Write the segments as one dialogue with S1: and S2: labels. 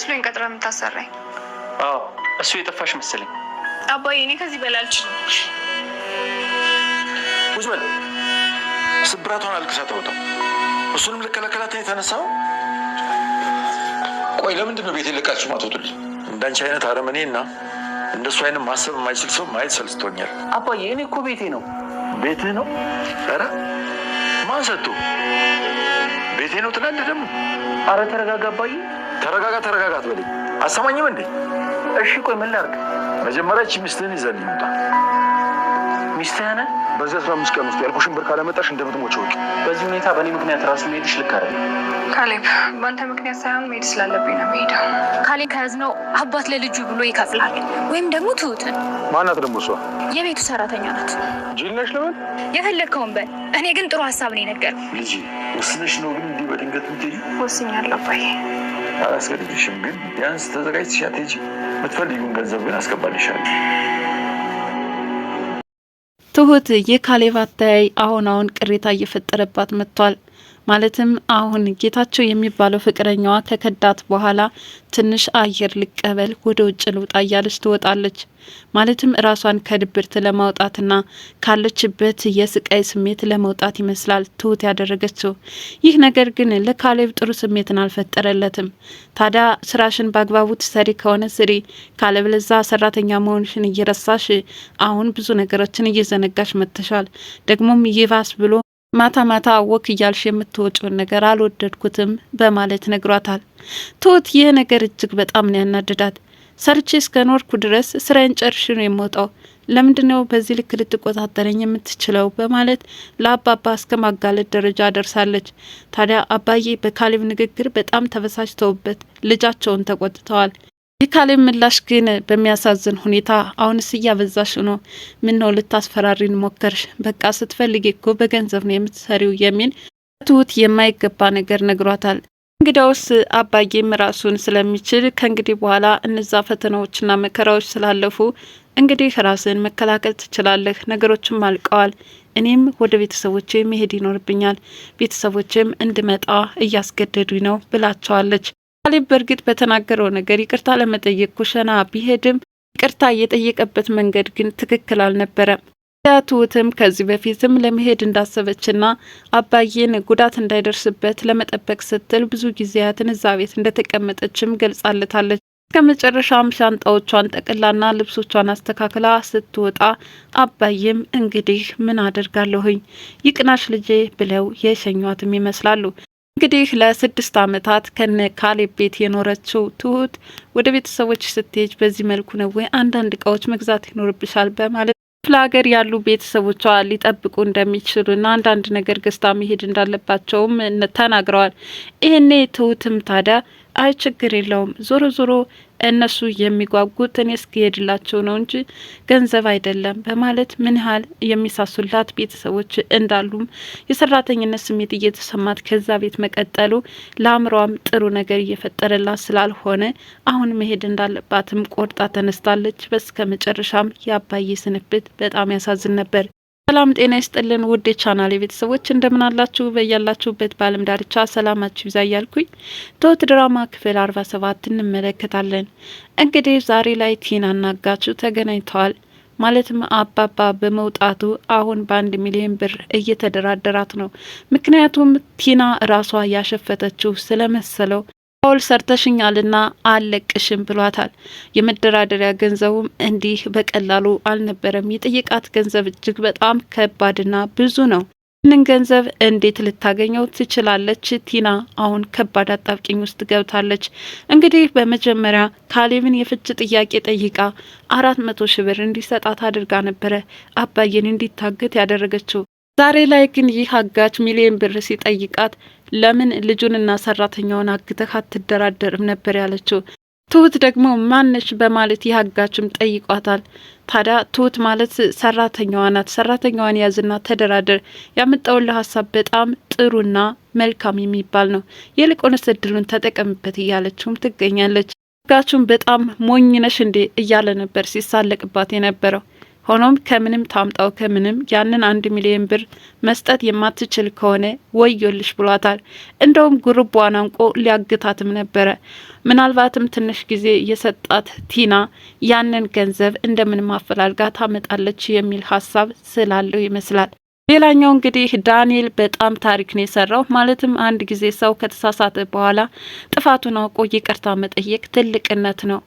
S1: መስሎኝ ቀጥረ የምታሰራኝ እሱ የጠፋሽ መሰለኝ። አባዬ እኔ ከዚህ በላይ አልችልም።
S2: ውጭ ስብራቷን አልቅሳ ተወጣ። እሱንም ልከለከላት የተነሳው።
S3: ቆይ ለምንድን ነው ቤት ልቃችሁ ማትወጡልኝ?
S2: እንዳንቺ አይነት አረመኔ እና እንደሱ አይነት ማሰብ የማይችል ሰው ማየት
S4: ሰልስቶኛል። አባዬ እኔ እኮ ቤቴ ነው።
S2: ቤትህ ነው? ኧረ ማን ሰጥቶ ቤቴ ነው
S4: ትላለህ ደግሞ። አረ ተረጋጋ አባዬ።
S2: ተረጋጋ ተረጋጋት በልኝ። አሰማኝም
S4: እንዴ? እሺ ቆይ ምን ላድርግ?
S2: መጀመሪያ ይህቺ ሚስትህን ይዘህልኝ ውጣ። ሚስትህን በዚህ አስራ አምስት ቀን ውስጥ ያልኩሽን ብር ካለመጣሽ
S4: እንደምትሞች ወቂ። በዚህ ሁኔታ በእኔ ምክንያት ራሱ መሄድሽ ልክ
S5: አይደለም። ካሌብ፣ በአንተ ምክንያት ሳይሆን መሄድ ስላለብኝ ነው የምሄደው።
S1: ካሌብ፣ ከያዝነው አባት ለልጁ ብሎ ይከፍላል ወይም ደግሞ ትሁትን። ማናት ደግሞ እሷ? የቤቱ ሰራተኛ
S2: ናት። ጅነሽ ነሽ
S1: ለምን? የፈለግከውን በል። እኔ ግን ጥሩ ሀሳብ ነው የነገርኩህ።
S2: ልጅ ወስነሽ ነው ግን እንዲህ በድንገት
S5: ምትይ? ወስኛለሁ አባዬ
S2: አላስገድድሽም፣ ግን ቢያንስ ተዘጋጅተሽ አትሄጂ። የምትፈልጊውን ገንዘብ ግን አስገባልሻለሁ።
S6: ትሁት የካሌብ አተያይ አሁን አሁን ቅሬታ እየፈጠረባት መጥቷል። ማለትም አሁን ጌታቸው የሚባለው ፍቅረኛዋ ከከዳት በኋላ ትንሽ አየር ልቀበል፣ ወደ ውጭ ልውጣ እያለች ትወጣለች። ማለትም ራሷን ከድብርት ለማውጣትና ካለችበት የስቃይ ስሜት ለመውጣት ይመስላል ትሁት ያደረገችው። ይህ ነገር ግን ለካሌብ ጥሩ ስሜትን አልፈጠረለትም። ታዲያ ስራሽን በአግባቡ ትሰሪ ከሆነ ስሪ፣ ካለበለዛ ሰራተኛ መሆንሽን እየረሳሽ አሁን ብዙ ነገሮችን እየዘነጋሽ መጥተሻል። ደግሞም ይባስ ብሎ ማታ ማታ ወክ እያልሽ የምትወጪውን ነገር አልወደድኩትም በማለት ነግሯታል። ትሁት ይህ ነገር እጅግ በጣም ነው ያናድዳት። ሰርቼ እስከ ኖርኩ ድረስ ስራዬን ጨርሽ ነው የምወጣው። ለምንድ ነው በዚህ ልክ ልትቆጣጠረኝ የምትችለው? በማለት ለአባባ እስከ ማጋለጥ ደረጃ ደርሳለች። ታዲያ አባዬ በካሌብ ንግግር በጣም ተበሳጭተውበት ልጃቸውን ተቆጥተዋል። የካሌብ ምላሽ ግን በሚያሳዝን ሁኔታ አሁንስ እያበዛሽ ነው። ምን ነው ልታስፈራሪን ሞከርሽ? በቃ ስትፈልጊ እኮ በገንዘብ ነው የምትሰሪው የሚል ትሁት የማይገባ ነገር ነግሯታል። እንግዳውስ አባዬም ራሱን ስለሚችል ከእንግዲህ በኋላ እነዛ ፈተናዎችና መከራዎች ስላለፉ እንግዲህ ራስን መከላከል ትችላለህ። ነገሮችም አልቀዋል። እኔም ወደ ቤተሰቦቼ መሄድ ይኖርብኛል። ቤተሰቦችም እንድመጣ እያስገደዱኝ ነው ብላቸዋለች። ካሌብ በእርግጥ በተናገረው ነገር ይቅርታ ለመጠየቅ ኩሸና ቢሄድም ይቅርታ የጠየቀበት መንገድ ግን ትክክል አልነበረም። ትሁትም ከዚህ በፊትም ለመሄድ እንዳሰበችና አባዬን ጉዳት እንዳይደርስበት ለመጠበቅ ስትል ብዙ ጊዜያትን እዛ ቤት እንደተቀመጠችም ገልጻለታለች። እስከ መጨረሻም ሻንጣዎቿን ጠቅላና ልብሶቿን አስተካክላ ስትወጣ አባዬም እንግዲህ ምን አደርጋለሁኝ ይቅናሽ ልጄ ብለው የሸኟትም ይመስላሉ። እንግዲህ ለስድስት ዓመታት ከነ ካሌብ ቤት የኖረችው ትሁት ወደ ቤተሰቦች ስትሄጅ በዚህ መልኩ ነው ወይ አንዳንድ እቃዎች መግዛት ይኖርብሻል በማለት ክፍለ ሀገር ያሉ ቤተሰቦቿ ሊጠብቁ እንደሚችሉና አንዳንድ ነገር ገዝታ መሄድ እንዳለባቸውም ተናግረዋል። ይህኔ ትሁትም ታዲያ አይ ችግር የለውም ዞሮ ዞሮ እነሱ የሚጓጉት እኔ እስክሄድላቸው ነው እንጂ ገንዘብ አይደለም በማለት ምን ያህል የሚሳሱላት ቤተሰቦች እንዳሉም የሰራተኝነት ስሜት እየተሰማት ከዛ ቤት መቀጠሉ ለአእምሯም ጥሩ ነገር እየፈጠረላት ስላልሆነ አሁን መሄድ እንዳለባትም ቆርጣ ተነስታለች። በስከ መጨረሻም የአባዬ ስንብት በጣም ያሳዝን ነበር። ሰላም ጤና ይስጥልን ውድ የቻናል የቤተሰቦች እንደምን አላችሁ? በያላችሁበት በአለም ዳርቻ ሰላማችሁ ይብዛ እያልኩኝ ትሁት ድራማ ክፍል አርባ ሰባት እንመለከታለን። እንግዲህ ዛሬ ላይ ቲና እናጋችሁ ተገናኝተዋል። ማለትም አባባ በመውጣቱ አሁን በአንድ ሚሊዮን ብር እየተደራደራት ነው። ምክንያቱም ቲና ራሷ ያሸፈተችው ስለመሰለው ፋውል ሰርተሽኛልና አለቅሽም ብሏታል። የመደራደሪያ ገንዘቡም እንዲህ በቀላሉ አልነበረም። የጠየቃት ገንዘብ እጅግ በጣም ከባድና ብዙ ነው። ይህንን ገንዘብ እንዴት ልታገኘው ትችላለች? ቲና አሁን ከባድ አጣብቂኝ ውስጥ ገብታለች። እንግዲህ በመጀመሪያ ካሌብን የፍች ጥያቄ ጠይቃ አራት መቶ ሺህ ብር እንዲሰጣት አድርጋ ነበረ አባዬን እንዲታገት ያደረገችው ዛሬ ላይ ግን ይህ አጋች ሚሊዮን ብር ሲጠይቃት ለምን ልጁንና ሰራተኛውን አግተህ አትደራደርም ነበር ያለችው። ትሁት ደግሞ ማነሽ በማለት ይህ አጋችም ጠይቋታል። ታዲያ ትሁት ማለት ሰራተኛዋ ናት። ሰራተኛዋን ያዝና ተደራደር፣ ያመጣውልህ ሀሳብ በጣም ጥሩና መልካም የሚባል ነው፣ ይልቁንስ እድሉን ተጠቀምበት እያለችውም ትገኛለች። አጋቹም በጣም ሞኝነሽ እንዴ እያለ ነበር ሲሳለቅባት የነበረው። ሆኖም ከምንም ታምጣው ከምንም ያንን አንድ ሚሊዮን ብር መስጠት የማትችል ከሆነ ወዮልሽ ብሏታል። እንደውም ጉርቧን አንቆ ሊያግታትም ነበረ። ምናልባትም ትንሽ ጊዜ የሰጣት ቲና ያንን ገንዘብ እንደምንም አፈላልጋ ታመጣለች የሚል ሀሳብ ስላለው ይመስላል። ሌላኛው እንግዲህ ዳንኤል በጣም ታሪክ ነው የሰራው። ማለትም አንድ ጊዜ ሰው ከተሳሳተ በኋላ ጥፋቱን አውቆ ይቅርታ መጠየቅ ትልቅነት ነው።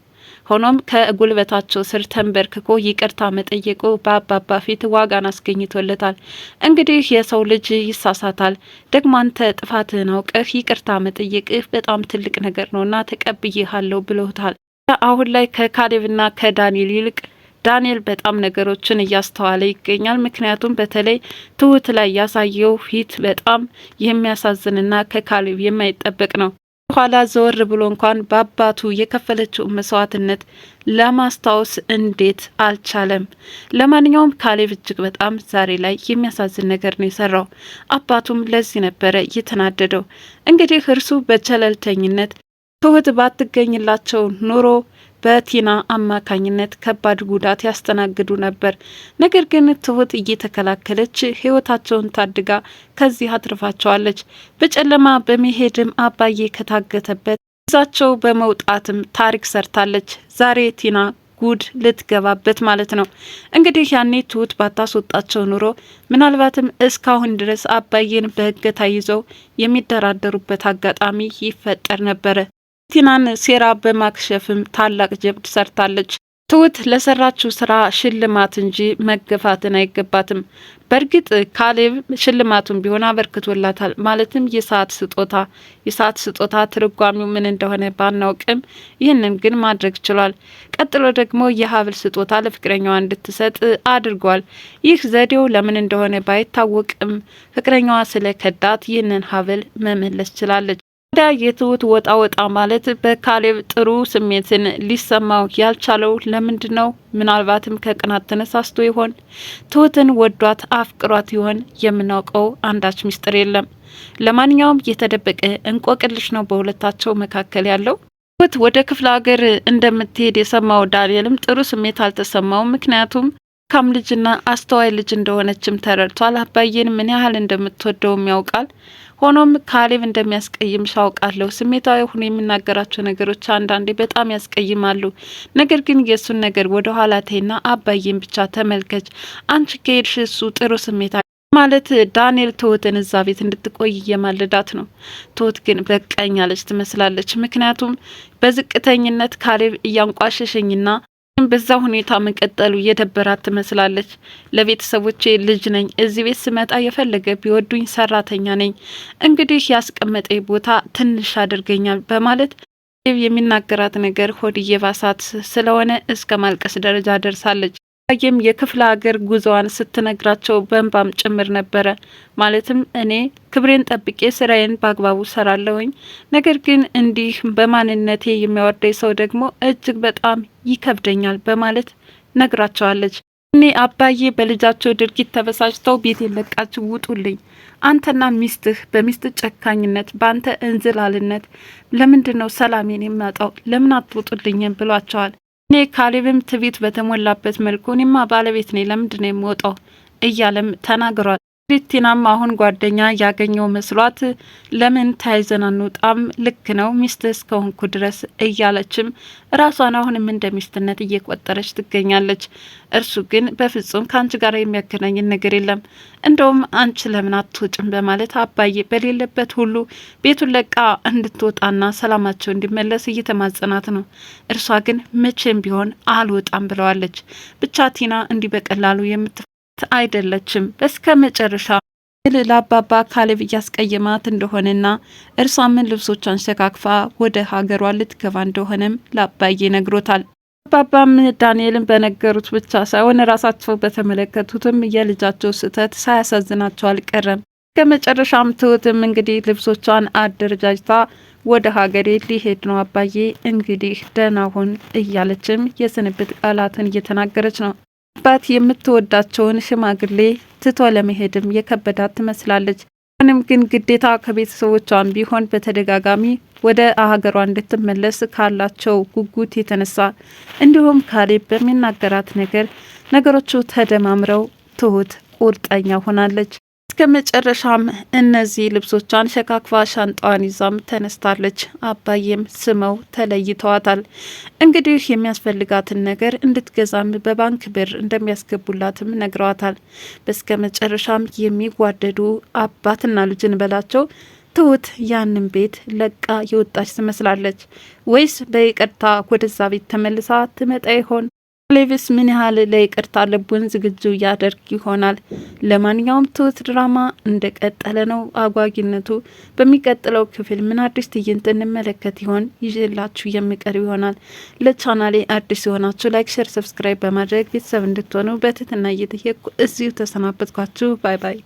S6: ሆኖም ከጉልበታቸው ስር ተንበርክኮ ይቅርታ መጠየቁ በአባባ ፊት ዋጋን አስገኝቶለታል። እንግዲህ የሰው ልጅ ይሳሳታል። ደግሞ አንተ ጥፋትህን አውቀህ ይቅርታ መጠየቅህ በጣም ትልቅ ነገር ነውና ተቀብዬሃለሁ ብሎታል። አሁን ላይ ከካሌብና ከዳንኤል ይልቅ ዳንኤል በጣም ነገሮችን እያስተዋለ ይገኛል። ምክንያቱም በተለይ ትሁት ላይ ያሳየው ፊት በጣም የሚያሳዝንና ከካሌብ የማይጠበቅ ነው። ኋላ ዘወር ብሎ እንኳን በአባቱ የከፈለችው መስዋዕትነት ለማስታወስ እንዴት አልቻለም? ለማንኛውም ካሌብ እጅግ በጣም ዛሬ ላይ የሚያሳዝን ነገር ነው የሰራው። አባቱም ለዚህ ነበረ የተናደደው። እንግዲህ እርሱ በቸለልተኝነት ትሁት ባትገኝላቸው ኑሮ በቲና አማካኝነት ከባድ ጉዳት ያስተናግዱ ነበር። ነገር ግን ትሁት እየተከላከለች ህይወታቸውን ታድጋ ከዚህ አትርፋቸዋለች። በጨለማ በመሄድም አባዬ ከታገተበት ይዛቸው በመውጣትም ታሪክ ሰርታለች። ዛሬ ቲና ጉድ ልትገባበት ማለት ነው። እንግዲህ ያኔ ትሁት ባታስወጣቸው ኑሮ ምናልባትም እስካሁን ድረስ አባዬን በእገታ ይዘው የሚደራደሩበት አጋጣሚ ይፈጠር ነበረ። የቲናን ሴራ በማክሸፍም ታላቅ ጀብድ ሰርታለች። ትሁት ለሰራችው ስራ ሽልማት እንጂ መገፋትን አይገባትም። በእርግጥ ካሌብ ሽልማቱን ቢሆን አበርክቶላታል። ማለትም የሰዓት ስጦታ። የሰዓት ስጦታ ትርጓሚው ምን እንደሆነ ባናውቅም ይህንን ግን ማድረግ ችሏል። ቀጥሎ ደግሞ የሀብል ስጦታ ለፍቅረኛዋ እንድትሰጥ አድርጓል። ይህ ዘዴው ለምን እንደሆነ ባይታወቅም ፍቅረኛዋ ስለ ከዳት ይህንን ሀብል መመለስ ችላለች። ዳ የትሁት ወጣ ወጣ ማለት በካሌብ ጥሩ ስሜትን ሊሰማው ያልቻለው ለምንድ ነው? ምናልባትም ከቅናት ተነሳስቶ ይሆን? ትሁትን ወዷት አፍቅሯት ይሆን? የምናውቀው አንዳች ምስጢር የለም። ለማንኛውም የተደበቀ እንቆቅልሽ ነው በሁለታቸው መካከል ያለው። ትሁት ወደ ክፍለ ሀገር እንደምትሄድ የሰማው ዳንኤልም ጥሩ ስሜት አልተሰማውም። ምክንያቱም መልካም ልጅና አስተዋይ ልጅ እንደሆነችም ተረድቷል። አባዬን ምን ያህል እንደምትወደውም ያውቃል። ሆኖም ካሌብ እንደሚያስቀይም ሻውቃለሁ። ስሜታዊ ሆኖ የሚናገራቸው ነገሮች አንዳንዴ በጣም ያስቀይማሉ። ነገር ግን የእሱን ነገር ወደ ኋላ ተይና አባዬን ብቻ ተመልከች። አንቺ ከሄድሽ እሱ ጥሩ ስሜታ ማለት ዳንኤል ትሁትን እዛ ቤት እንድትቆይ እየማለዳት ነው። ትሁት ግን በቀኛለች ትመስላለች። ምክንያቱም በዝቅተኝነት ካሌብ እያንቋሸሸኝና በዛ ሁኔታ መቀጠሉ የደበራት ትመስላለች። ለቤተሰቦቼ ልጅ ነኝ። እዚህ ቤት ስመጣ የፈለገ ቢወዱኝ ሰራተኛ ነኝ። እንግዲህ ያስቀመጠ ቦታ ትንሽ አድርገኛል በማለት የሚናገራት ነገር ሆድ እየባሳት ስለሆነ እስከ ማልቀስ ደረጃ ደርሳለች። ዳግም የክፍለ ሀገር ጉዞዋን ስትነግራቸው በእንባም ጭምር ነበረ። ማለትም እኔ ክብሬን ጠብቄ ስራዬን በአግባቡ ሰራለሁኝ፣ ነገር ግን እንዲህ በማንነቴ የሚያወርደኝ ሰው ደግሞ እጅግ በጣም ይከብደኛል በማለት ነግራቸዋለች። እኔ አባዬ በልጃቸው ድርጊት ተበሳጭተው ቤት ለቃችሁ ውጡልኝ። አንተና ሚስትህ በሚስት ጨካኝነት፣ በአንተ እንዝላልነት ለምንድን ነው ሰላሜን የሚያጣው? ለምን አትውጡልኝም? ብሏቸዋል። እኔ ካሌብም ትቢት በተሞላበት መልኩ እኔማ ባለቤት ነኝ ለምንድን ነው የምወጣው እያለም ተናግሯል። ቤቲናም አሁን ጓደኛ ያገኘው መስሏት ለምን ተያይዘን ልክ ነው ሚስት እስከሆንኩ ድረስ እያለችም ራሷን አሁንም እንደ ሚስትነት እየቆጠረች ትገኛለች። እርሱ ግን በፍጹም ከአንቺ ጋር የሚያገናኝን ነገር የለም፣ እንደውም አንቺ ለምን አትወጭም? በማለት አባዬ በሌለበት ሁሉ ቤቱን ለቃ እንድትወጣና ሰላማቸው እንዲመለስ እየተማጸናት ነው። እርሷ ግን መቼም ቢሆን አልወጣም ብለዋለች። ብቻ ቲና እንዲህ በቀላሉ የምት አይደለችም እስከ መጨረሻ ይል ለአባባ ካሌብ እያስቀየማት እንደሆነና እርሷምን ልብሶቿን ሸካክፋ ወደ ሀገሯ ልትገባ እንደሆነም ለአባዬ ነግሮታል። አባባም ዳንኤልን በነገሩት ብቻ ሳይሆን ራሳቸው በተመለከቱትም የልጃቸው ስህተት ሳያሳዝናቸው አልቀረም። ከመጨረሻም ትሁትም እንግዲህ ልብሶቿን አደረጃጅታ ወደ ሀገሬ ሊሄድ ነው አባዬ እንግዲህ ደህና ሁን እያለችም የስንብት ቃላትን እየተናገረች ነው። አባት የምትወዳቸውን ሽማግሌ ትቶ ለመሄድም የከበዳት ትመስላለች። አሁንም ግን ግዴታ ከቤተሰቦቿም ቢሆን በተደጋጋሚ ወደ ሀገሯ እንድትመለስ ካላቸው ጉጉት የተነሳ እንዲሁም ካሌብ በሚናገራት ነገር ነገሮቹ ተደማምረው ትሁት ቁርጠኛ ሆናለች። መጨረሻም እነዚህ ልብሶቿን ሸካክፋ ሻንጣዋን ይዛም ተነስታለች። አባዬም ስመው ተለይተዋታል። እንግዲህ የሚያስፈልጋትን ነገር እንድትገዛም በባንክ ብር እንደሚያስገቡላትም ነግረዋታል። በስከ መጨረሻም የሚዋደዱ አባትና ልጅን በላቸው ትሁት ያንን ቤት ለቃ የወጣች ትመስላለች ወይስ በይቅርታ ወደዛ ቤት ተመልሳ ትመጣ ይሆን? ሌቪስ ምን ያህል ለይቅርታ ልቡን ዝግጁ እያደርግ ይሆናል? ለማንኛውም ትሁት ድራማ እንደ ቀጠለ ነው አጓጊነቱ። በሚቀጥለው ክፍል ምን አዲስ ትዕይንት እንመለከት ይሆን? ይዤላችሁ የሚቀርብ ይሆናል። ለቻናሌ አዲስ የሆናችሁ ላይክ፣ ሸር፣ ሰብስክራይብ በማድረግ ቤተሰብ እንድትሆኑ በትህትና እየጠየቅኩ እዚሁ ተሰናበትኳችሁ። ባይ ባይ።